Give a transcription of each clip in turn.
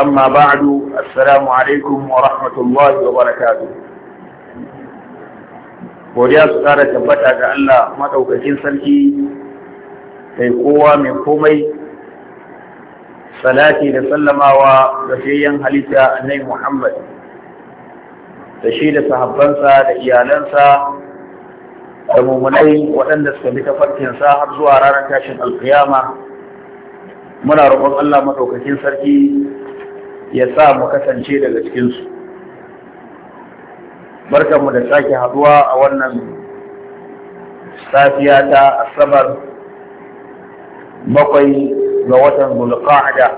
أما بعد السلام alaikum wa rahmatullahi wa وبركاته godiya su ƙara tabbata ga Allah maɗaukakin sarki mai kowa mai komai salati da sallamawa ga fiyayyen halitta nai Muhammad da shi da sahabbansa da iyalansa da mummunai waɗanda suka bi tafarkinsa har zuwa ranar tashin alkiyama muna roƙon Allah maɗaukakin sarki ya sa mu kasance daga cikinsu barkanmu da sake haduwa a wannan safiya ta asabar bakwai ga watan zulqa'ada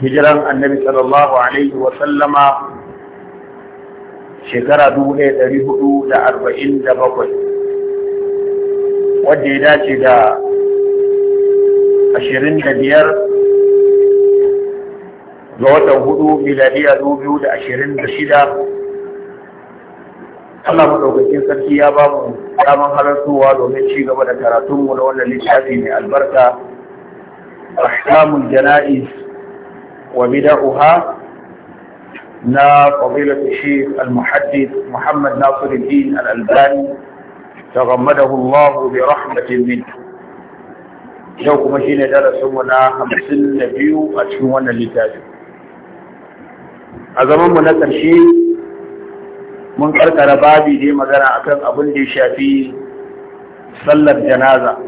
hijiran annabi sallallahu alaihi wa sallama shekara dubu ɗaya ɗari hudu da arba'in da bakwai wadda ya dace da ashirin da biyar ga watan hudu miladiya dubu biyu da ashirin da shida Allah maɗaukakin sarki ya ba mu daman halartowa domin ci gaba da karatunmu na wannan littafi mai albarka ahkamul jana'iz wa bida'uha na fadilatu shaykh al-muhaddith Muhammad Nasiruddin al-Albani tagammadahu Allah bi rahmatin minhu yau kuma shine mu na 52 a cikin wannan littafi a zaman mu na ƙarshe mun karkara babi da magana akan abin da ya shafi sallar janaza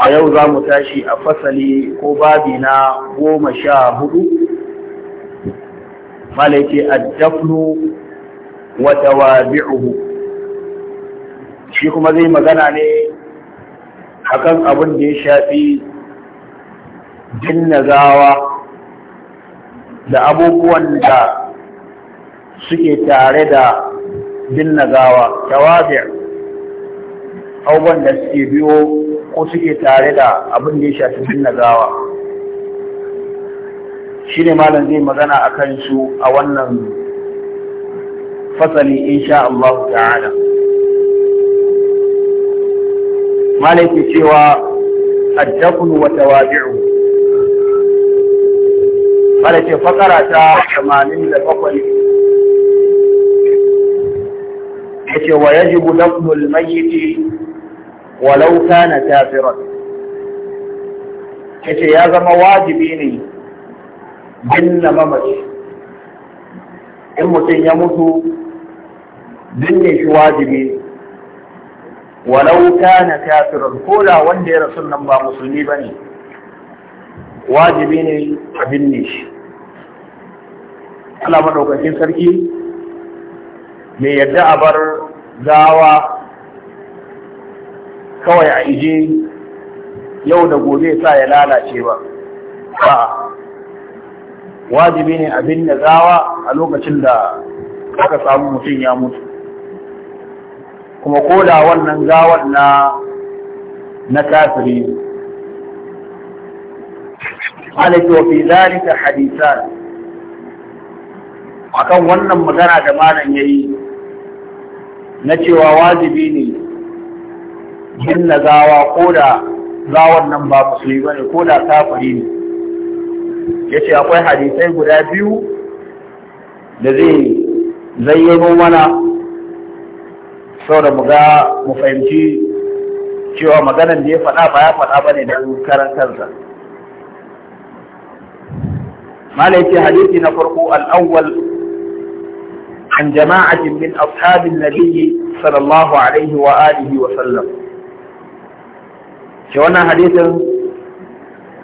a yau za mu tashi a fasali ko babi na goma sha hudu dafnu wata wa tawabi'uhu shi kuma zai magana ne akan abin da ya shafi jinnazawa da abubuwan da suke tare da binne gawa tawabi abubuwan da suke biyo ko suke tare da abin da ya shafi binne gawa shi ne malam zai magana a kan su a wannan fasali insha Allah ta'ala malam ke cewa addafnu wa tawabi'u mara ce fakara ta 87 ce wa yajibu dafnu al-mayyit na kana Ya ce ya zama wajibi ne binne mamaci in mutum ya mutu binne shi wajibi walau na kafiran ko da wanda ya rasu nan ba musulmi ba ne, wajibi ne a binne shi Allah maɗaukakin sarki mai yadda a bar gawa kawai a ije yau da gobe sa ya lalace ba wajibi ne abin da gawa a lokacin da aka samu mutum ya mutu kuma ko da wannan gawar na na kafiri alaikawa fi zalika akan wannan magana da malam yayi na cewa wajibi ne yin gawa ko da gawan nan ba musulmi bane ko da kafari ne Ya ce akwai hadisai guda biyu da zai zayyano mana saboda mu mu fahimci cewa maganan da ya faɗa ba ya faɗa bane don karan kansa malai ce hadisi na farko al-awwal عن جماعة من أصحاب النبي صلى الله عليه وآله وسلم شوانا حديثا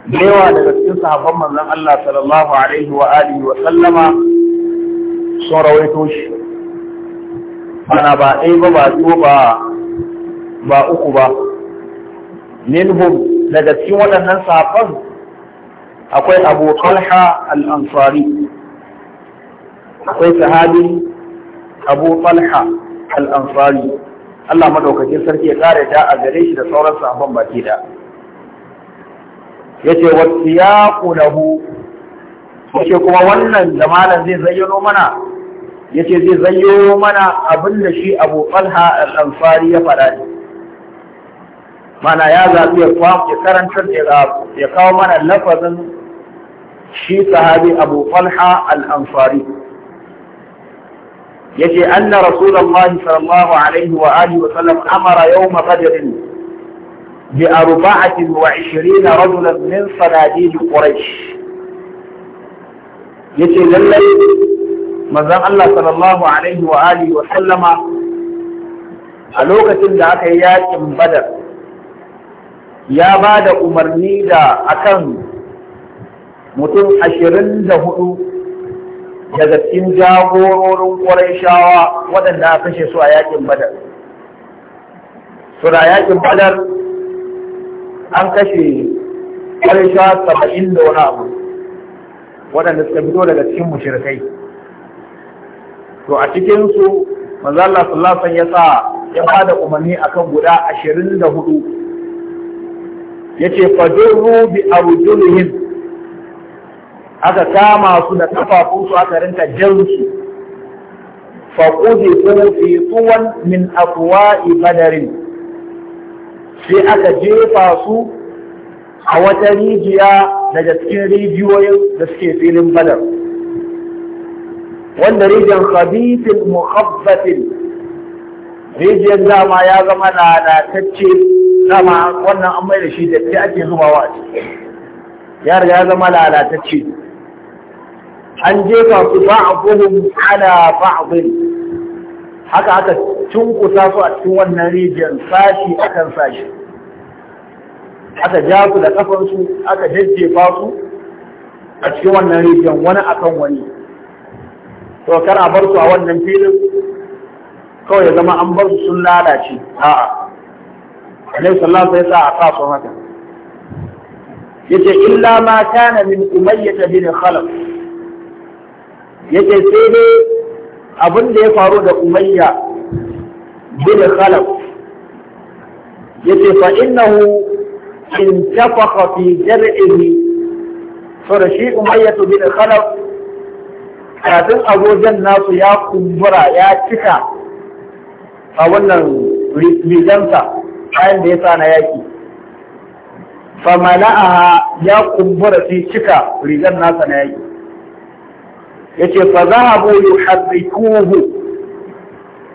ليوا لغسين صحابا من الله صلى الله عليه وآله وسلم صورة ويتوش أنا با أي با با با أقبا منهم لغسين ولنن صحابا أقول أبو طلحة الأنصاري akwai sahabi abu falha al-ansari Allah madaukakin sarki ya tsara ta a gare shi da sauran sahabban baki da Ya ce wasu ya lahu yace kuma wannan da malam zai zayyano mana Ya ce zai zayyano mana abin da shi abu falha al ya faɗa ne mana ya zaɓi ya karantar ya kawo mana lafazin shi sahabi abu falha al'amfari yace anna rasulullahi sallallahu alaihi wa alihi wa sallam amara yawm badr bi arba'atin wa 20 rajulan min sanadid quraish yace lallai manzon Allah sallallahu alaihi wa alihi wa sallama a lokacin da aka yi yakin badar ya ba da umarni da akan mutum ashirin da hudu daga cikin jagororin shawa waɗanda a kashe su a yakin badar suna yakin badar an kashe ƙwarai shawa saba'in da wani abu waɗanda suka fito daga cikin mushrikai to a cikinsu manzo Allah sallallahu alaihi ya sa ya bada umarni akan guda ashirin da hudu yace fajurru bi arjulihim aka kama su da kafafunsu aka rinka jansu faƙuɗi fi tuwan min afuwa'i badarin sai aka jefa su a wata rijiya daga cikin rijiyoyin da suke filin badar wanda rijiyar khabithin muhabbatin rijiyar dama ya zama lalatacce dama wannan an mai da shi da ake zubawa a ciki ya riga ya zama lalatacce an jefa su ba'abuhum ala ba'dhin haka aka cunkusa su a cikin wannan rijiyar sashi akan sashi aka ja su da su aka jajjefa su a cikin wannan rijiyar wani akan wani to kar a bar su a wannan filin kawai ya zama an bar su sun lalace a'a alaihi sallallahu alaihi sa a sa su haka yace illa ma kana min umayyah bin khalaf yake sai dai abin da ya faru da umayya bin khalaf yace fa innahu in tafaqa fi jar'ihi farashi umayya bin khalaf kafin agojan nasu ya kumbura ya cika a wannan rigansa bayan da ya sa na yaki famala'aha ya kumbura fi cika rigar nasa na yaki yace fa zahabu yuharrikuhu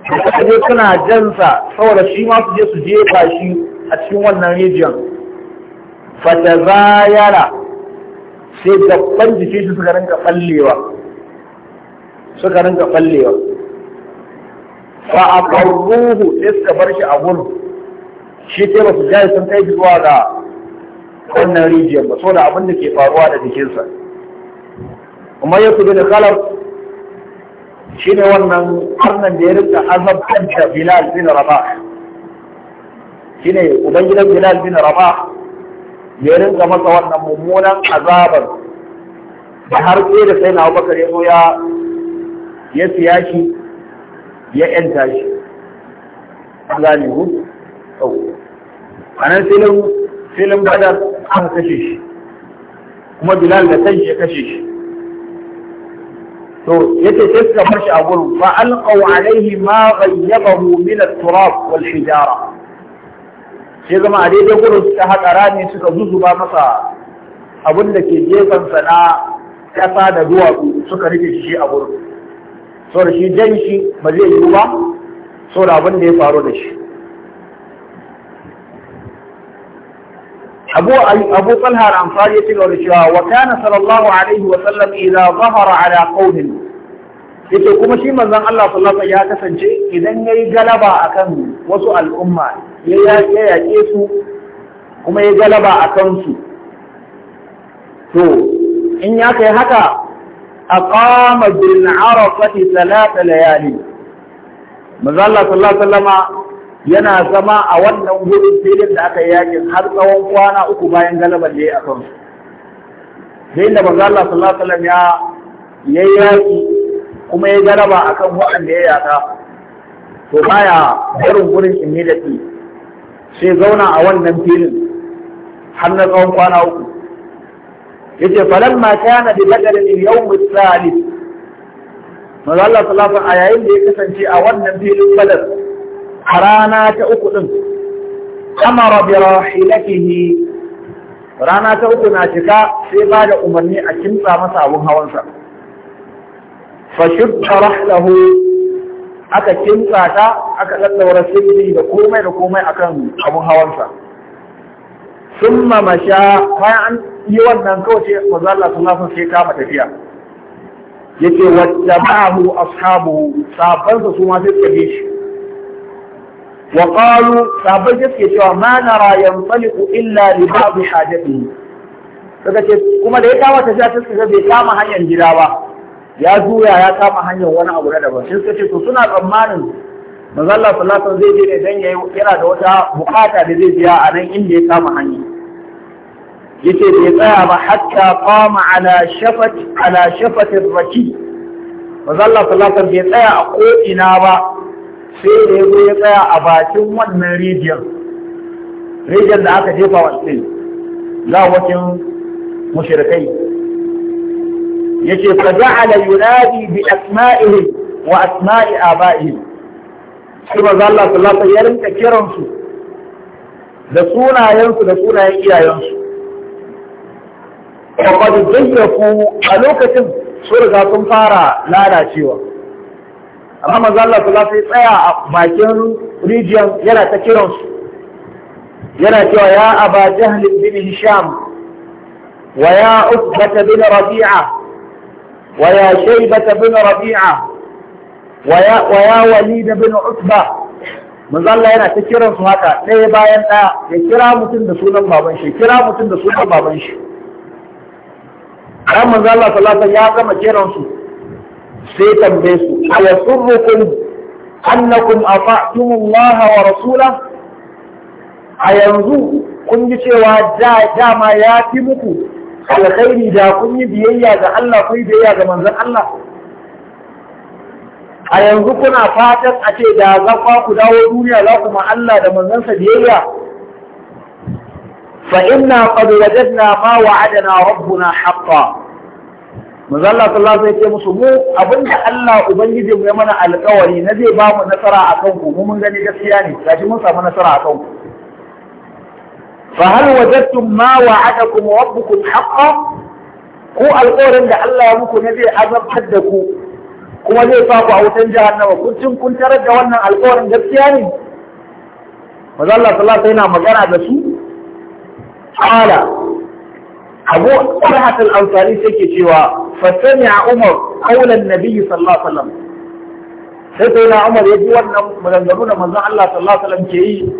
suka je suna jansa saboda shi ma su je su jefa shi a cikin wannan rijiyar fatazayara sai gaban jikin shi suka rinka fallewa suka rinka fallewa fa aqarruhu sai suka bar shi a gudu. shi sai ba su jaye sun kai zuwa ga wannan rijiyar ba saboda abin da ke faruwa da jikinsa kuma ya kudu da kalar shi ne wannan harnan da ya rika azabtanta bilal bin rabah shi ne ubangidan bilal bin rabah ya rinka masa wannan mummunan azabar da har sai da sai na abubakar ya zo ya ya siya shi ya yanta shi gane ku a nan filin filin badar an kashe shi kuma bilal da kanshi ya kashe shi to yace sai suka bar shi a gurin fa alqaw alaihi ma ghayyabahu min at-turab wal hijara sai zama a daidai gurin suka haƙa rami suka zuzuba masa abin da ke gefen sana ƙasa da duwatsu suka rike shi a gurin saboda shi jan shi ba zai yi ba saboda abin da ya faru da shi أبو أبو طلحة الأنصاري يقول وكان صلى الله عليه وسلم إذا ظهر على قوم yake kuma shi manzon Allah sallallahu alaihi ya kasance idan yayi galaba akan wasu al'umma ya yaƙe su kuma ya galaba akan su to in ya kai haka aqama bil arafati thalath layali manzon Allah sallallahu alaihi wasallama yana zama a wannan wurin filin da aka yi yakin har tsawon kwana uku bayan galaban da ya a kan kansu sai da manzo Allah sallallahu alaihi wasallam ya yayi yaki kuma ya galaba akan waɗanda ya yaka to baya barin gurin immediately sai zauna a wannan filin har na tsawon kwana uku yace falamma kana bi badal al-yawm al-thalith manzo Allah sallallahu alaihi wasallam a yayin da ya kasance a wannan filin badal a rana ta uku ɗin amara bi rahilatihi rana ta uku na cika sai ba da umarni a kimtsa masa abun hawansa fa shudda rahlahu aka kimtsa ta aka daddaura sirri da komai da komai akan abun hawansa summa masha bayan an yi wannan kawai sai manzo sun sallallahu sai kama tafiya yace wajjabahu ashabu sabansa su ma sai suka bi shi wa qalu sabai da suke cewa ma nara yanfaliqu illa li ba'd hajatihi kuma da ya kama ta ta suka bai kama hanyar gida ba ya juya ya kama hanyar wani abu na daban sai suka ce suna tsammanin manzo Allah sallallahu zai je ne yana da wata bukata da zai biya a nan inda ya kama hanya yace bai tsaya ba hatta qama ala shafat ala shafat ar bai tsaya a ko'ina ba sai da ya ya tsaya a bakin wannan rijiyar rijiyar da aka jefa wa tsin gawakin mushrikai yace fa ja'ala yunadi bi asma'ihi wa asma'i aba'ihi sai manzo Allah sallallahu alaihi wasallam ya kiran su da sunayensu da sunayen iyayensu wa qad zayyafu a lokacin sun riga sun fara lalacewa amma manzo Allah sallallahu alaihi tsaya a bakin rijiyar yana ta kiran su yana cewa ya aba jahl bin hisham wa ya utbata bin rabi'a wa ya shaybata bin rabi'a wa ya wa ya walid bin utba manzo Allah yana ta kiran su haka ɗaya bayan ɗaya ya kira mutum da sunan baban shi kira mutum da sunan baban shi ran manzo Allah sallallahu alaihi ya gama kiran su sai tambaye su a yasurrukum annakum Allah wa rasula a yanzu kun ji cewa dama ya fi muku alkhairi da kun yi biyayya ga Allah kun yi biyayya ga manzon Allah a yanzu kuna fatan a ce da za ku dawo duniya za ku Allah da manzansa biyayya fa inna qad wajadna ma wa'adana rabbuna haqqan manzo Allah sallallahu alaihi wasallam musu mu abinda Allah ubangiji mu ya mana alƙawari na zai ba mu nasara akan ku mu mun gani gaskiya ne gashi mun samu nasara akan ku fa hal wajadtum ma wa'adakum rabbukum haqqan ko alƙawarin da Allah ya muku na zai azabtar da ku kuma zai sa ku a wutan jahannama kun cin kun tarar da wannan alƙawarin gaskiya ne manzo Allah sallallahu alaihi wasallam yana magana da su qala abu farhat al-ansari sai ke cewa fa a umar qawlan nabiy sallallahu alaihi wasallam sai sai na umar ya ji wannan maganganu da manzon Allah sallallahu alaihi ke yi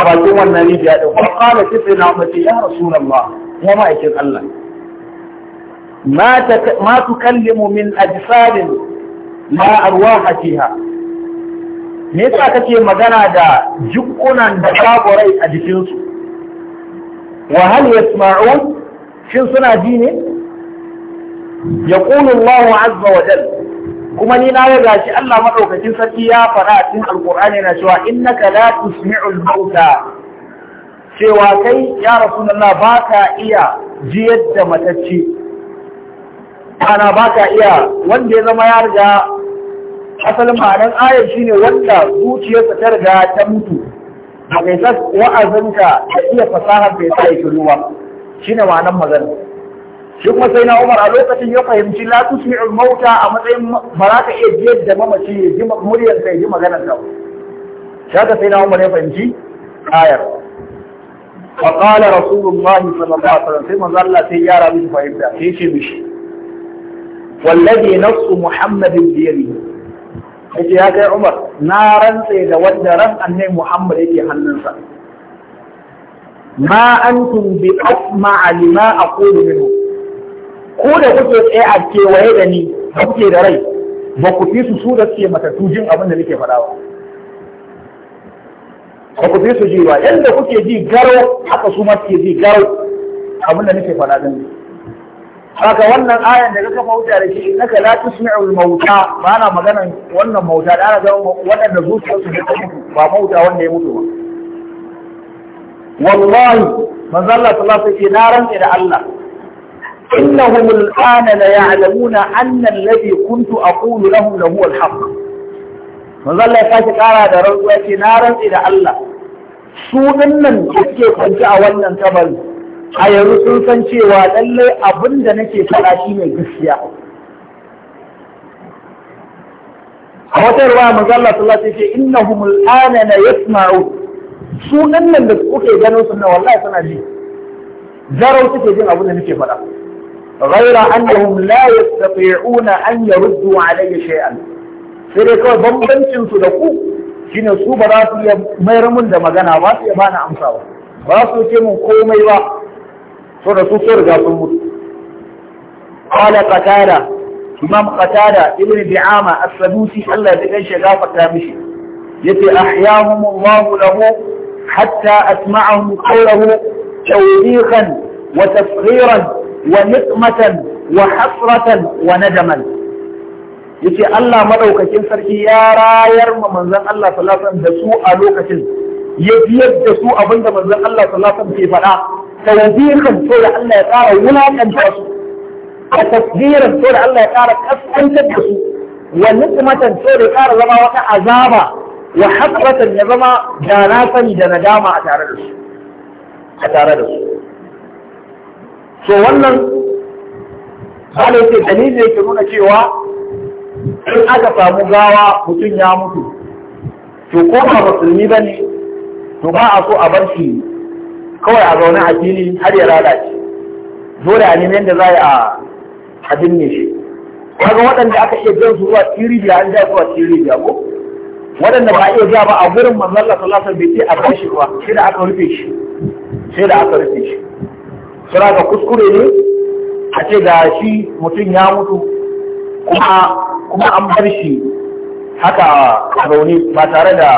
a bakin wannan rijiya din fa qala sai na umar ya rasulullah ya ma'aikin Allah ma tukallimu min ajsadin ma arwaha fiha me yasa kake magana da jukkunan da babu rai a jikinsu wa hal yasma'un shin suna ji ne ya Allahu azza wa jal kuma ni na yaga shi Allah maɗaukacin sarki ya faɗa a cikin Alƙur'ani na cewa innaka la tusmi'ul mauta cewa kai ya rasulullah baka iya jiyar da matacce ana baka iya wanda ya zama ya riga asalin ma'anar ayar shine wanda zuciyarsa ta riga ta mutu a kai wa'azinka ya iya fasahar da ya sa ya shiru ba shine ma'anar magana shi kuma sai na Umar a lokacin ya fahimci la tusmi'ul mauta a matsayin ba za ka iya jiyar da mamaci ya ji muryar ka ji maganar ka shaka sai na Umar ya fahimci ayar fa qala rasulullahi sallallahu alaihi wasallam sai manzo Allah sai ya rabi fahimta sai ce mishi wallazi nafsu muhammadin biyadihi yace ya kai Umar na rantse da wanda ran annabi Muhammad yake hannunsa ma antum bi asma a aqulu minhu ko da kuke tsaye a kewaye da ni da kuke da rai ba ku fi su su da suke matattu jin abin da nake faɗa ba ba ku fi su ji ba yadda kuke ji garo haka su ma suke ji garo abin da nake faɗa din haka wannan ayan da kafa wuta da shi naka la tusmi'u al-mauta ba na maganan wannan mauta da ana ga waɗanda zuciyarsu ne ta mutu ba mauta wanda ya mutu ba wallahi manzo Allah sallallahu ce na rantsa da Allah Inna innahum al'ana ya alamuna annan alladhi kuntu a Kulu lahu al-haqq manzo Allah ya sake kara da rantsuwa ce na rantsa da Allah su dinnan suke kwanci a wannan kabari a yanzu sun san cewa lallai abin da nake faɗa shi ne gaskiya a wata ruwa manzo Allah sallallahu ce inna ce innahum al'ana la yasma'u su nan da kuke ganin sunna wallahi suna ji zarau suke jin abin da nake faɗa غير أنهم لا يستطيعون أن يردوا علي شيئا sai dai kawai bambancin su da ku shine su ba za su iya mayar mun da magana ba su iya bani amsa ba su ce mun komai ba so da su so riga sun mutu qala qatada imam qatada ibn bi'ama as-sadusi Allah ya kai shi gafarta mishi yace ahyamu Allah lahu حتى أسمعهم قوله توبيخا وتسخيرا ونقمة وحسرة وندما يتي الله مدوك كنسر يا راير ممنزل الله صلى الله عليه وسلم دسوء لوك يبيد دسوء بند منزل الله صلى الله عليه وسلم في فلا توبيخا سوى الله يتعرى ولا تنفس وتفخيرا سوى الله يتعرى كفتن تدسوء ونقمة سوى الله يتعرى وما وقع عذابا ya habbatan ya zama da na sani da nadama a tare da su a tare da su so wannan Allah yake dalilin yake nuna cewa in aka samu gawa mutum ya mutu to ko ba musulmi ba ne. to ba a so a bar shi kawai a zaune a fili har ya lalace dole a neman yadda za a a binne shi kaga waɗanda aka iya jan su zuwa biya an ja zuwa biya ko waɗanda ba iya zuwa ba a gurin manzon Allah sallallahu alaihi wasallam bai ce a kashe ba sai da aka rufe shi sai da aka rufe shi sura ga kuskure ne a ce ga shi mutum ya mutu kuma an bar shi haka a rauni ba tare da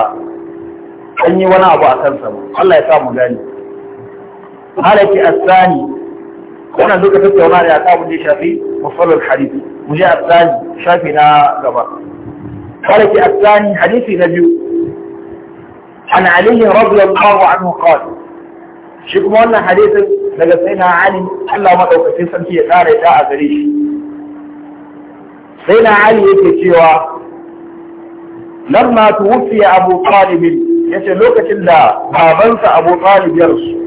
an yi wani abu a kansa ba Allah ya sa mu gani halaki asani wannan duka tattaunawa ne a kabin da shafi musallar hadisi mu je asani shafi na gaba خرج الثاني حديث نبيو عن علي رضي الله عنه قال شكما قلنا حديث لجسينا علي ألا ما توقفين سنتي يتارى يتاعى فريش سينا علي يتشيوا لما توفي أبو طالب يتشي لوكة الله ما بنت أبو طالب يرسو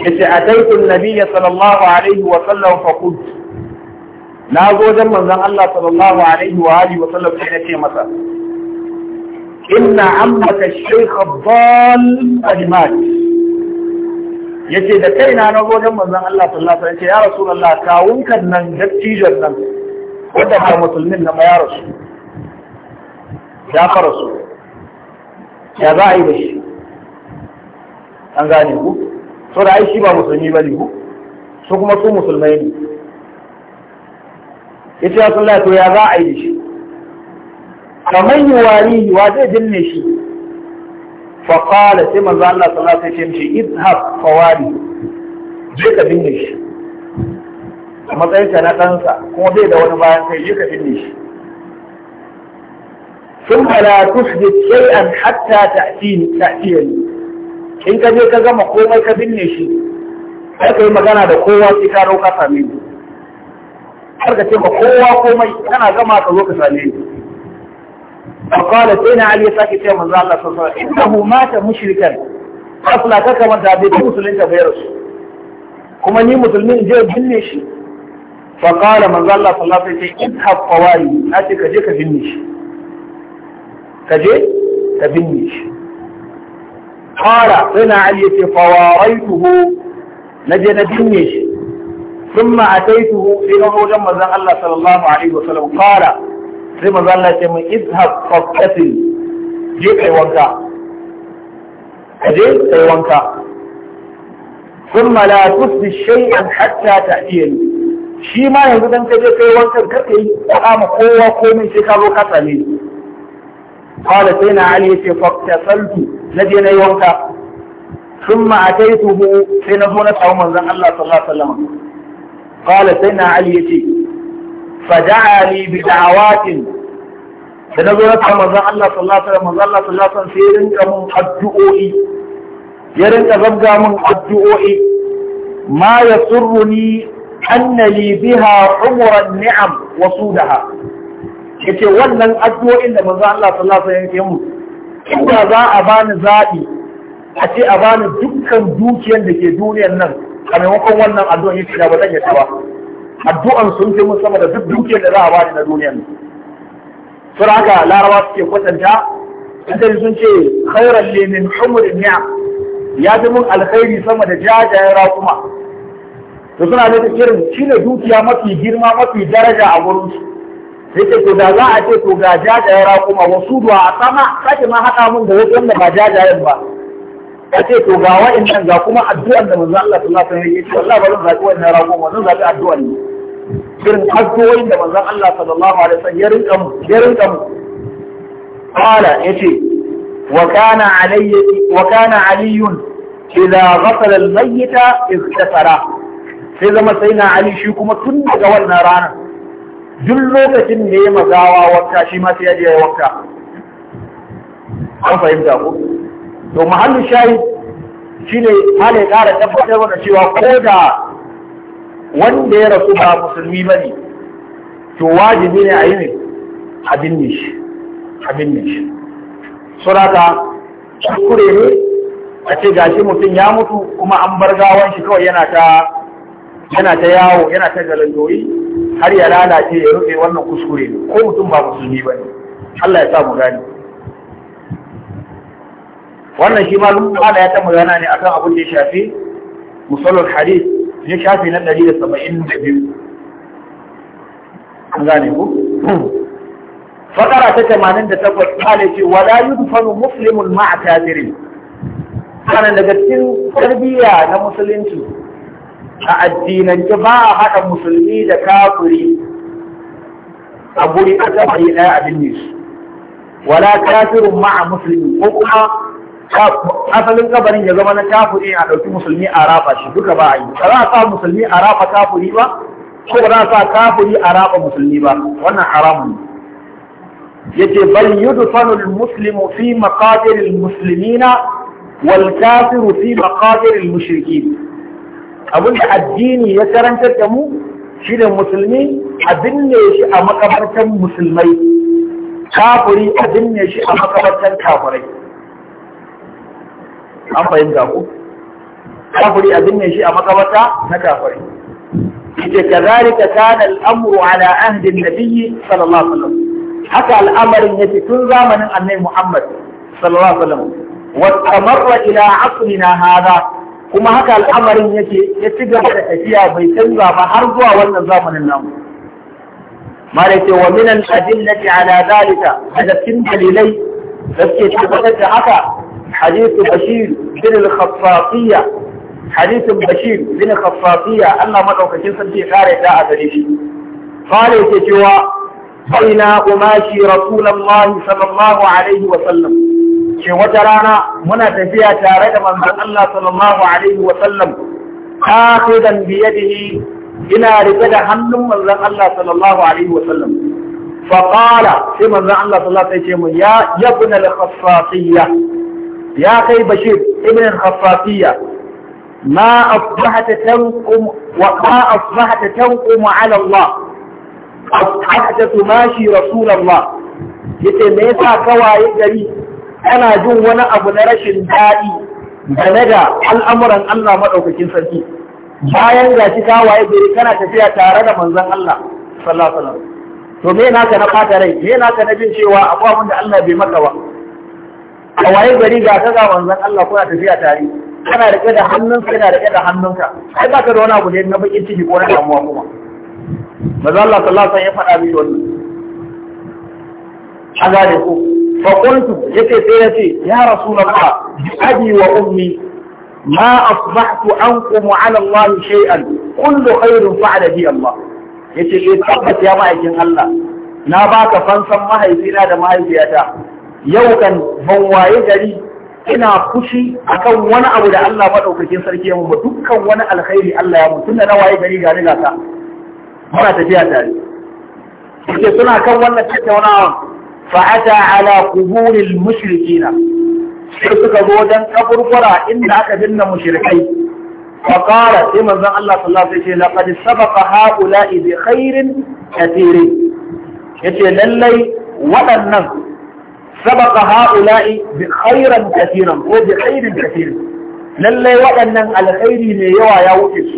يتشي أتيت النبي صلى الله عليه وسلم فقلت na zo manzan Allah sallallahu alaihi wa alihi wa sallam sai na ce masa inna ammaka shaykh ad-dall Ya yace da kaina na zo wajen manzon Allah sallallahu alaihi wa sallam ya rasulullah wunkan nan dattijan nan wanda ba musulmin na ya rasu ya farasu ya za a yi da shi an gane ku so da ai shi ba musulmi bane ku su kuma su musulmai ne ya ce Allah to ya za a yi da shi kamar manyi wari wa zai binne shi faƙala sai manzo Allah sallallahu sai wasallam ce izhab fawari je ka binne shi a matsayinka na ɗansa kuma zai da wani bayan kai je ka binne shi sun la tusbit shay'an hatta ta'tini ta'tiyani in ka je ka gama komai ka binne shi ai kai magana da kowa sai ka roƙa same ni har da kowa komai kana gama ka ka same ni faqala sayna ali ya sake ce manzo Allah sallallahu alaihi wasallam innahu mata mushrikan asla ka kama da bi musulmin ka bai rasu kuma ni musulmi in je binne shi faqala ka je ka binne shi ka je ka binne shi qala sayna ali ya ce fawaraituhu naje na binne shi ثم أتيته إلى رجل مزان الله صلى الله عليه وسلم قال ثم ظل يتم اذهب فقتل جيب حيوانك أجل حيوانك ثم لا تسد شيئا حتى تأتيني شي ما يقول أنك جيب حيوانك كتل وقام قوة قومي شكال وقتلي قال سينا علي فاقتصلت نجينا حيوانك ثم أتيته سينا هنا صلى الله عليه وسلم qala sai na ali yace fada'a li bi da'awatin da nazo na ta manzon Allah sallallahu alaihi wasallam Allah sallallahu alaihi wasallam sai rinka mun addu'o'i ya rinka zabga mun addu'o'i ma yasurruni anna li biha umran ni'am wa sudaha yace wannan addu'o'in da manzon Allah sallallahu alaihi wasallam ya yi inda za a bani zabi a ce a bani dukkan dukiyar da ke duniyar nan a maimakon wannan addu'an yake da ba zan yi ba addu'an sun fi mun sama da duk dukiyar da za a bani na duniyar sura haka larawa suke kwatanta sai sun ce khairan li min humrin ni'am ya fi mun alkhairi sama da jajayen raƙuma to suna da irin shine dukiya mafi girma mafi daraja a gurin su sai ce to da za a ce to ga jajayen raƙuma wasu duwa a sama sake ma haɗa mun da wasu wanda ba jajayen ba ka ce to ga wa'annan ga kuma addu'an da manzo Allah sallallahu alaihi wasallam ya ce wallahi ba zan zabi wannan rago ba zan zabi addu'ar ne irin addu'o'in da manzo Allah sallallahu alaihi wasallam ya rinka mu ya rinka mu qala yace wa kana alayhi wa kana aliyun idza ghasala al-mayyita ightasara sai zama sai na ali shi kuma tun daga wannan ranar duk lokacin da ya magawa wanka shi ma sai ya je ya wanka an fahimta ko to mahallin shayi shine hali ƙara tabbatar da cewa ko da wanda ya rasu ba musulmi ba ne to wajibi ne a yi ne abin ne shi abin ne shi suraka kure ne a ce gashi mutum ya mutu kuma an bar gawan shi kawai yana ta yana ta yawo yana ta galandoyi har ya lalace ya rufe wannan kuskure ne ko mutum ba musulmi ba ne Allah ya sa mu gani wannan shi ma lumala ya ta magana ne akan abin da ya shafi musallar hadis ne shafi na ɗari da da saba'in biyu. an gane ku fakara ta tamanin da 88 kale ce wala musulmin ma a kafirin kana daga cikin tarbiyya na musulunci a addinance ba a haɗa musulmi da kafiri a guri a taɓa yi ɗaya abin su. wala kafirun a musulmi ko kuma asalin kabarin ya zama na kafiri a ɗauki musulmi a shi duka ba a yi ba za a sa musulmi a rafa kafiri ba ko ba za a sa kafiri a musulmi ba wannan haramun ne yace bal yudfanu al muslimu fi maqadir al muslimina wal kafiru fi maqadir al mushrikin abin da addini ya karantar da mu shi musulmi a binne shi a makabartan musulmai kafiri a binne shi a makabartan kafirai an fahimta ku kafiri a binne shi a makabarta na kafiri yace kadhalika kana al-amru ala ahdi an-nabiy sallallahu alaihi wasallam haka al'amarin yake tun zamanin annabi Muhammad sallallahu alaihi wasallam wa tamarra ila asrina hada kuma haka al'amarin yake ya ci gaba da tafiya bai canza ba har zuwa wannan zamanin namu malaka wa min al-adillati ala dalika daga cikin dalilai da suke tabbatar da haka حديث بشير بن الخفاطية حديث بشير بن الخفاطية أن مدعوكتين سنتي خارج داء تريشي قال يتجوى بين أماشي رسول الله صلى الله عليه وسلم شوترانا منا تفيا تارد من الله صلى الله عليه وسلم آخذا بيده ina rike da hannun manzon Allah sallallahu alaihi wa sallam fa qala sai manzon Allah sallallahu alaihi wa sallam ya yabna al-khassasiyya ya kai bashir ibn al-khaffafiyya ma asbahata tanqum wa ma asbahata tanqum ala Allah asbahata tumashi rasulullah yace me yasa kawaye gari ana jin wani abu na rashin daɗi game da al'amuran Allah maɗaukakin sarki bayan ga shi kawaye gari kana tafiya tare da manzon Allah sallallahu alaihi wasallam to me naka na fata rai me naka na jin cewa akwai abun da Allah bai maka ba a waye gari ga ka ga manzon Allah kuna tafiya tare kana rike da hannunka kana rike da hannunka ai baka da wani abu ne na bakin ciki ko na damuwa kuma manzon Allah sallallahu alaihi wasallam ya faɗa miki wannan a gane ko fa qultu yake sai yace ya rasulullah bi abi wa ummi ma asbahtu أنقم ala allah shay'an kullu خير fa'ala bi allah yace sai eh, tabbata ya ma'aikin Allah na baka fansan mahaifina da mahaifiyata yau kan ban waye gari ina fushi akan wani abu da Allah madaukakin sarki ya mu dukkan wani alkhairi Allah ya mu tunda na waye gari ga riga ta muna tafiya tare yake suna kan wannan tattaunawa fa ata ala quburil mushrikina sai suka zo dan kaburbura inda aka binne mushrikai fa qala sai manzon Allah sallallahu alaihi wasallam laqad sabaqa haula'i bi khairin kathiri yace lallai waɗannan سبق هؤلاء بخيرا كثيرا وبخير كثير للي وقنا الخير ميوى يوكس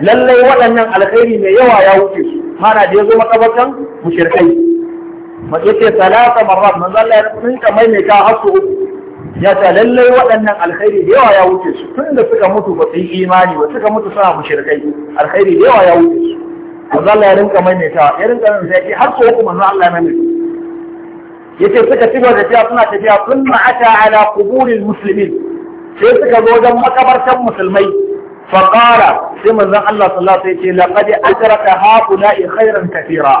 للي وقنا الخير ميوى يوكس مانا ديزو مقبطا مشرحي ما يكي ثلاثة مرات من ظل يتقنك مين كاهسه ياتا للي وقنا الخير ميوى يوكس كن لسك متو بطي إيماني وسك متو سنة مشرحي الخير ميوى يوكس من ظل يرنك مين كاهسه يرنك مين كاهسه حرصه وقم الله مين كاهسه yace suka ci da tafiya suna tafiya thumma ata ala kuburin muslimin sai suka zo wajen makabartan musulmai fa qala sai manzon Allah sallallahu alaihi wasallam yace laqad adraka haula'i khairan kathira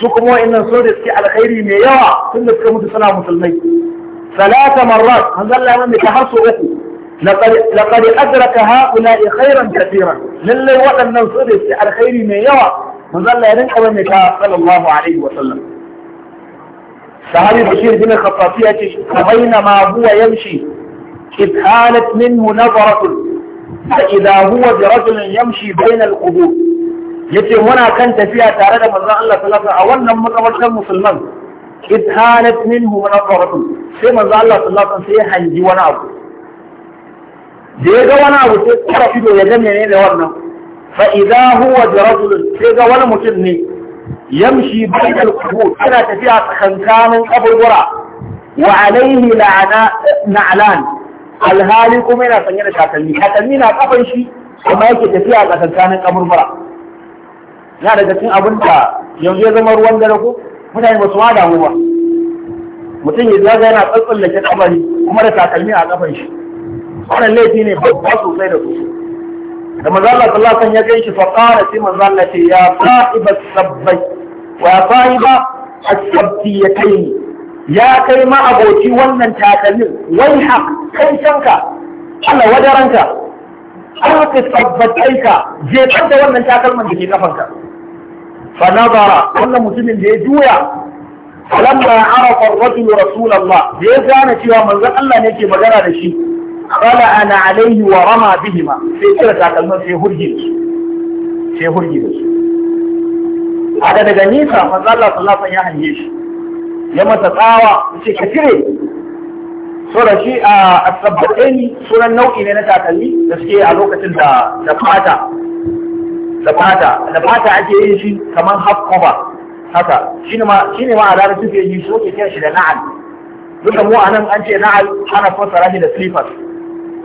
su kuma wa'annan so da suke alkhairi mai yawa tun da suka mutu suna musulmai salata marrat manzon Allah ya ta har so uku laqad laqad adraka haula'i khairan kathira lalle waɗannan so da suke alkhairi mai yawa manzon Allah ya rinka mai ta sallallahu alaihi sallam. sahabi bashir bin khaffaf ya ce baina ma huwa yamshi id halat minhu nazaratun fa idha huwa bi rajulin yamshi baina al-qubur yace muna kan tafiya tare da manzon Allah sallallahu alaihi a wannan makabartar musulman id halat minhu nazaratun sai manzon Allah sallallahu alaihi sai hanji wani abu da ya ga wani abu sai tsara ido ya ga menene wannan fa idha huwa bi rajulin sai ga wani mutum ne يمشي بين القبور انا تبيع خنكان قبل قرى وعليه لعنا نعلان الهالك من سنين شاكل حتمينا قبل شيء وما يكي تبيع خنكان قبل قرى يا رجل كن أبن كا يوم جاء زمر وان دلوكو فلا يمسوا هذا هو متين يجاء زينا تقول لك أبني عمر تعلمي على فنش أنا ليه تيني بس بس وصير بس لما زال الله صلى الله عليه وسلم فقال في مزال يا صاحب السبب wa ba a sabtiyatayn ya kai ma aboki wannan takalmin wai haq kai shanka Allah wadaranka Allah ka sabbatai ka je da wannan takalman da ke kafanka fa nazara wannan mutumin da ya juya falamma arafa ar-rajul rasulullah da ya gane cewa manzon Allah ne ke magana da shi qala ana alaihi wa rama bihima sai kira takalman sai hurgi sai hurgi da haka daga nisa manzo Allah sallallahu alaihi wasallam ya hange shi ya masa tsawa ce, ka cire sura shi a asabbaini sunan nau'i ne na takalmi da suke a lokacin da da fata da fata da fata ake yin shi kamar half haka shine ma shine ma a ranar suke yi so ke kiran shi da na'al duka mu anan an ce na'al ana fassara shi da slippers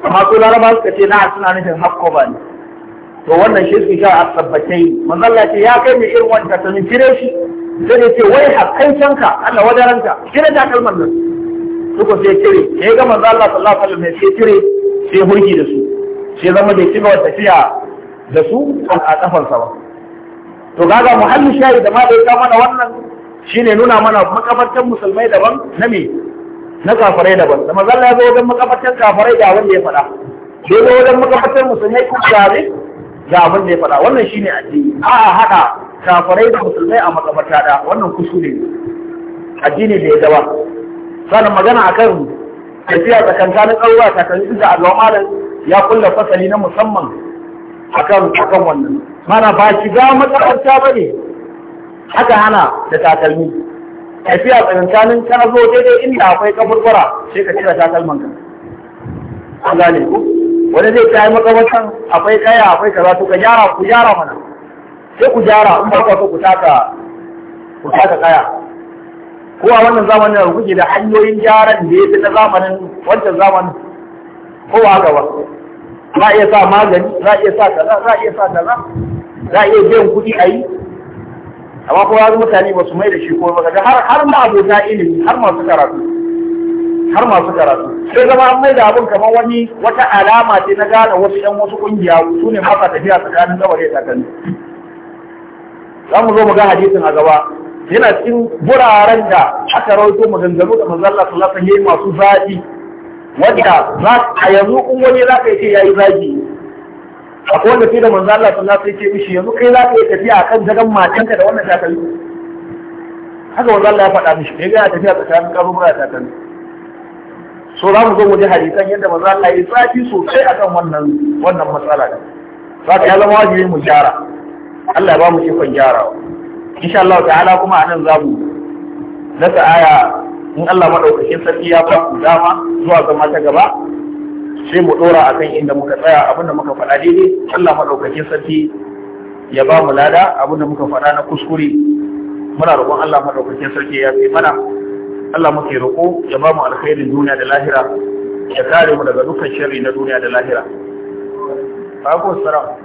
amma ko laraba suka ce na'al suna nufin half cover ne to wannan shi su sha a tabbatai manzalla ce ya kai mai irin wanda ta cire shi sai da ce wai hakan canka Allah wadaranka cire ta kalmar nan suka sai kire. sai ga manzo Allah sallallahu alaihi wasallam sai kire, sai hurki da su sai zama da kiba wata tafiya da su a kafarsa ba to kaga muhallin shayi da ma da ya mana wannan shine nuna mana makabartan musulmai daban na me na kafirai daban da manzo Allah ya zo wajen makabartan kafirai da wanda ya faɗa Dole wajen makabartan musulmai kuma da ga abin da ya faɗa wannan shine addini a a haɗa kafirai da musulmai a makabarta da wannan kuskure addini da ya gaba sannan magana akan tafiya tsakankanin ɗaruwa tsakanin da Allah malam ya kulla fasali na musamman akan akan wannan mana ba shiga ba ne. haka hana da takalmi tafiya tsakankanin ka zo daidai inda akwai kaburbura sai ka cire takalman ka an gane ku wani zai kayi makabartan akwai kaya akwai kaza to ka gyara ku gyara mana sai ku gyara in ba ku ku taka ku taka kaya ko a wannan zamanin da ji da hanyoyin gyaran da ya fi na zamanin wancan zamanin ko ba gaba za a iya sa magani za a iya sa kaza za a iya sa kaza za a iya biyan kuɗi a yi amma ko yanzu mutane ba su mai da shi ko ba har har ma abota ilimi har masu karatu har masu karatu sai zama an mai da abin kamar wani wata alama ce na gane wasu ɗan wasu ƙungiya su ne maka tafiya tsakanin gabare da kan za mu zo mu ga hadisin a gaba yana cikin buraren da aka rawaito maganganu da manzon Allah sallallahu alaihi masu zafi wanda za a yanzu in wani za ka yi ce yayi zaji akwai wanda fi da manzon su sallallahu alaihi wasallam ce yanzu kai za ka yi tafiya akan dagan matanka da wannan takalmi haka manzon ya faɗa mishi kai ga tafiya tsakanin bura da takalmi so za mu zo mu ji hadisan yadda maza Allah ya tsafi sosai akan wannan wannan matsala ne za ka ya zama wajibi mu gyara Allah ya ba mu ikon gyarawa insha Allah ta'ala kuma anan za mu dasa aya in Allah madaukakin sarki ya ba ku dama zuwa zama ta gaba sai mu a akan inda muka tsaya abinda muka faɗa daidai Allah madaukakin sarki ya ba mu lada abinda muka faɗa na kuskure muna roƙon Allah maɗaukakin sarki ya fi mana Allah muke roƙo ya ba mu alkhairin duniya da lahira ya kare mu daga dukkan sharri na duniya da lahira babu sara.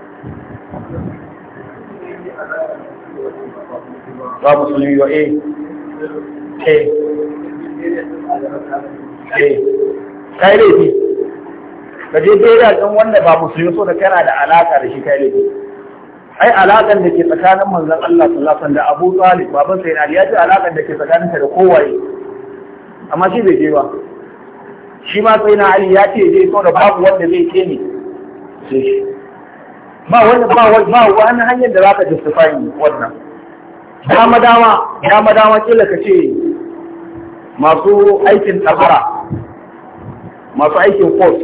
Ba sun yi wa eh eh eh kai ki. ka je jera ɗin wanda ba musulmi so da kana da alaƙa da shi kai laifi ai alaƙar da ke tsakanin manzon Allah sallallahu alaihi wasallam da Abu Talib baban sai Ali ya ji alaƙar da ke tsakaninka da kowaye amma shi bai je ba shi ma sai na ali ya ce je so da babu wanda zai ce ni ba wani ba ba hanyar da za ka justify wannan dama dama dama dama kila ka ce masu aikin tsabara masu aikin kos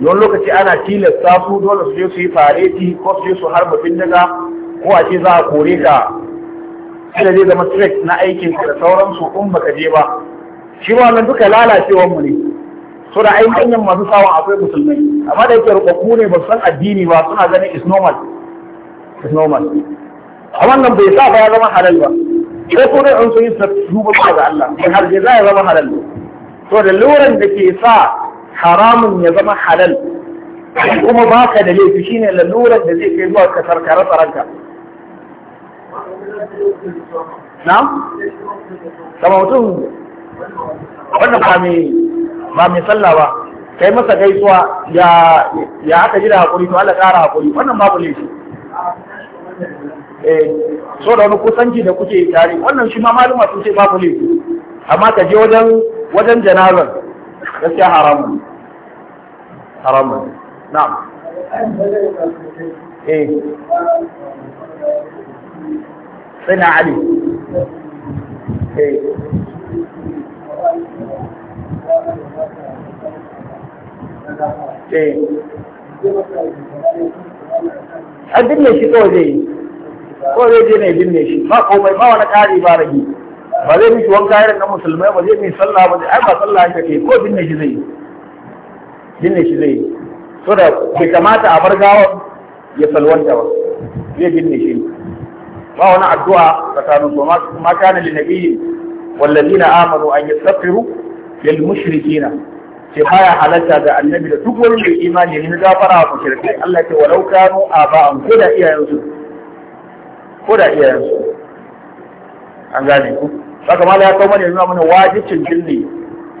don lokaci ana tilasta su dole su je su yi fareti ko su je su harba bindiga ko a ce za a kore ka kada zai zama strict na aikin ka da sauransu in baka je ba shi ma wannan duka lalacewar mu ne so da ai manyan masu sawa akwai musulmai amma da yake rubabbu ne ba san addini ba suna ganin is normal is normal a wannan bai sa ba ya zama halal ba sai ko dai an so yin tuba ga Allah in har je za ya zama halal to da luran da ke sa haramun ya zama halal kuma baka da laifi shine laluran da zai kai zuwa ka sarkare tsaranka na'am kama mutum wannan ba mai ba mai sallah ba kai masa gaisuwa ya aka ji da hakuri to Allah ƙara hakuri wannan babu ne shi eh, so da wani kusanci da kuke tare wannan shi ma maluma sun ce babu laifi amma ka je wajen wajen janazar gaskiya haramun haramun na'am eh sai na ali eh eh an binne shi kawai zai yi ko zai je ne binne shi ba komai ba wani ƙari ba rage ba zai miki wanka irin na musulmai ba zai mai sallah ba ai ba sallah ake kai ko binne shi zai yi binne shi zai yi so da bai kamata a bar gawa ya salwanta ba zai binne shi ba wani addu'a tsakanin su ma kana lin nabiyyi wallazina amanu an yastaghfiru lil mushrikina ce baya halatta ga annabi da duk wani mai imani ne gafara wa mushrikai Allah ce walau kanu aba'an ko da iyayensu ko da iyayensu an gane ku saka mala ya kawo mana yanzu mana wajibcin jinni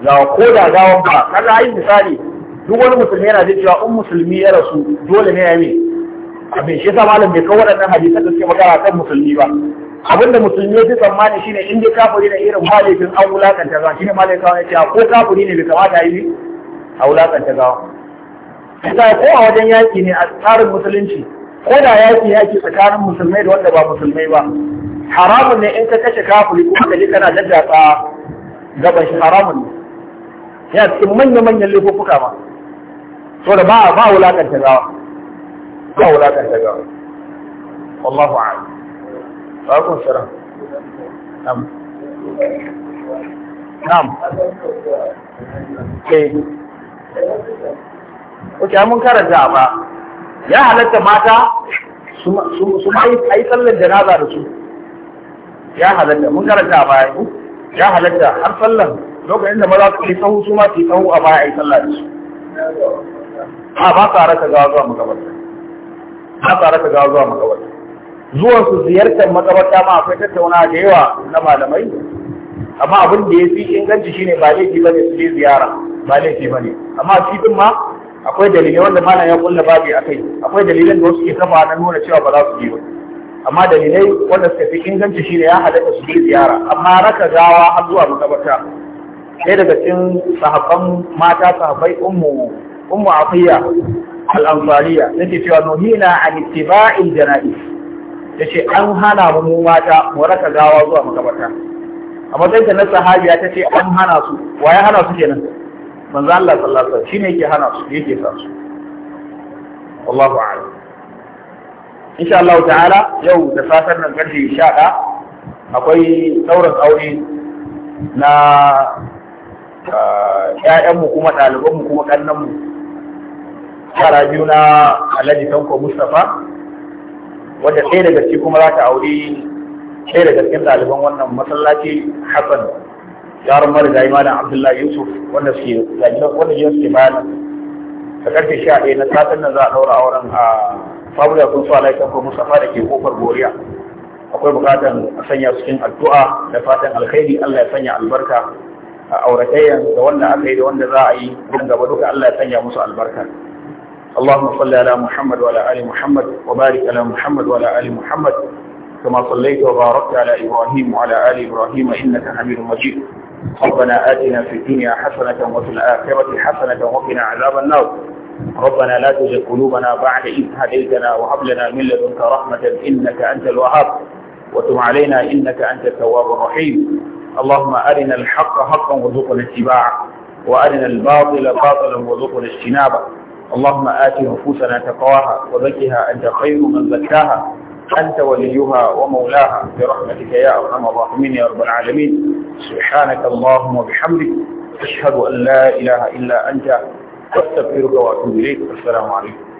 ga ko da gawan ba kaga ayi misali duk wani musulmi yana da cewa 'un musulmi ya rasu dole ne ya yi abin shi yasa malam bai kawo waɗannan hadisan da suke magana kan musulmi ba abinda musulmi ya fi tsammani shine in dai kafiri irin malifin an wulakanta gawa shine malifin kawai ya ce ko kafiri ne bai kamata yi a wulakanta gawa sai ko a wajen yaki ne a tsarin musulunci ko da yaki yaki tsakanin musulmai da wanda ba musulmai ba haramun ne in ka kashe kafiri ko ka je kana daddatsa gaban shi haramun ne yana cikin manya-manyan laifuffuka ma so da ba a ba wulakanta gawa ba wulakanta gawa wallahu a'lam وعليكم السلام Nam. Nam. eh oke mun karanta ba ya halatta mata su ma yi sallar janaza da su ya halatta mun karanta ba ya halatta har sallar lokacin da maza su yi sahu su ma su yi sahu a baya a yi sallar da su a ba sa rasa gawa zuwa makabarta ba sa rasa gawa zuwa makabarta zuwan su ziyartar makabarta ma akwai tattauna da yawa na malamai amma abin da ya fi inganci shine ba laifi bane su je ziyara ba laifi bane amma cikin ma akwai dalilai wanda malam ya kulla babi kai. akwai dalilan da wasu ke kafa na nuna cewa ba za su je ba amma dalilai wanda suka fi inganci shine ya halatta su je ziyara amma raka gawa har zuwa makabarta ɗaya daga cikin sahabban mata sahabbai ummu ummu afiya al-ansariya nake cewa nuhina an ittiba'il janaiz ya ce an hana mu mu mata mu raka gawa zuwa makabarta a matsayin ta na sahabiya ta ce an hana su wa ya hana su kenan manzo Allah sallallahu alaihi wasallam shine yake hana su yake sa su Allahu a'lam insha Allah ta'ala yau da safar nan karfe 11 akwai daurin aure na ah, ƴaƴanmu kuma ɗalibanmu kuma ƙannanmu yara biyu na Alhaji Tanko Mustapha wadda ɗaya daga ciki kuma za ta auri ɗaya daga cikin ɗaliban wannan masallaci Hassan yaron marigayi malam Abdullahi Yusuf wanda suke wanda jiya suke bayan da karfe sha ɗaya na satin nan za a ɗaura auren a fabula kun su alaikar ko Mustapha da ke kofar Goriya akwai bukatar a sanya cikin addu'a da fatan alkhairi Allah ya sanya albarka a auratayyan da wanda aka yi da wanda za a yi nan gaba duka Allah ya sanya musu albarka اللهم صل على محمد وعلى آل محمد وبارك على محمد وعلى آل محمد كما صليت وباركت على إبراهيم وعلى آل إبراهيم إنك حميد مجيد ربنا آتنا في الدنيا حسنة وفي الآخرة حسنة وقنا عذاب النار ربنا لا تزغ قلوبنا بعد إذ هديتنا وهب لنا من لدنك رحمة إنك أنت الوهاب وتم علينا إنك أنت التواب الرحيم اللهم أرنا الحق حقا وارزقنا اتباعه وأرنا الباطل باطلا وارزقنا اجتنابه اللهم آت نفوسنا تقواها وزكها أنت خير من زكاها أنت وليها ومولاها برحمتك يا أرحم الراحمين يا رب العالمين سبحانك اللهم وبحمدك أشهد أن لا إله إلا أنت أستغفرك وأتوب إليك والسلام عليكم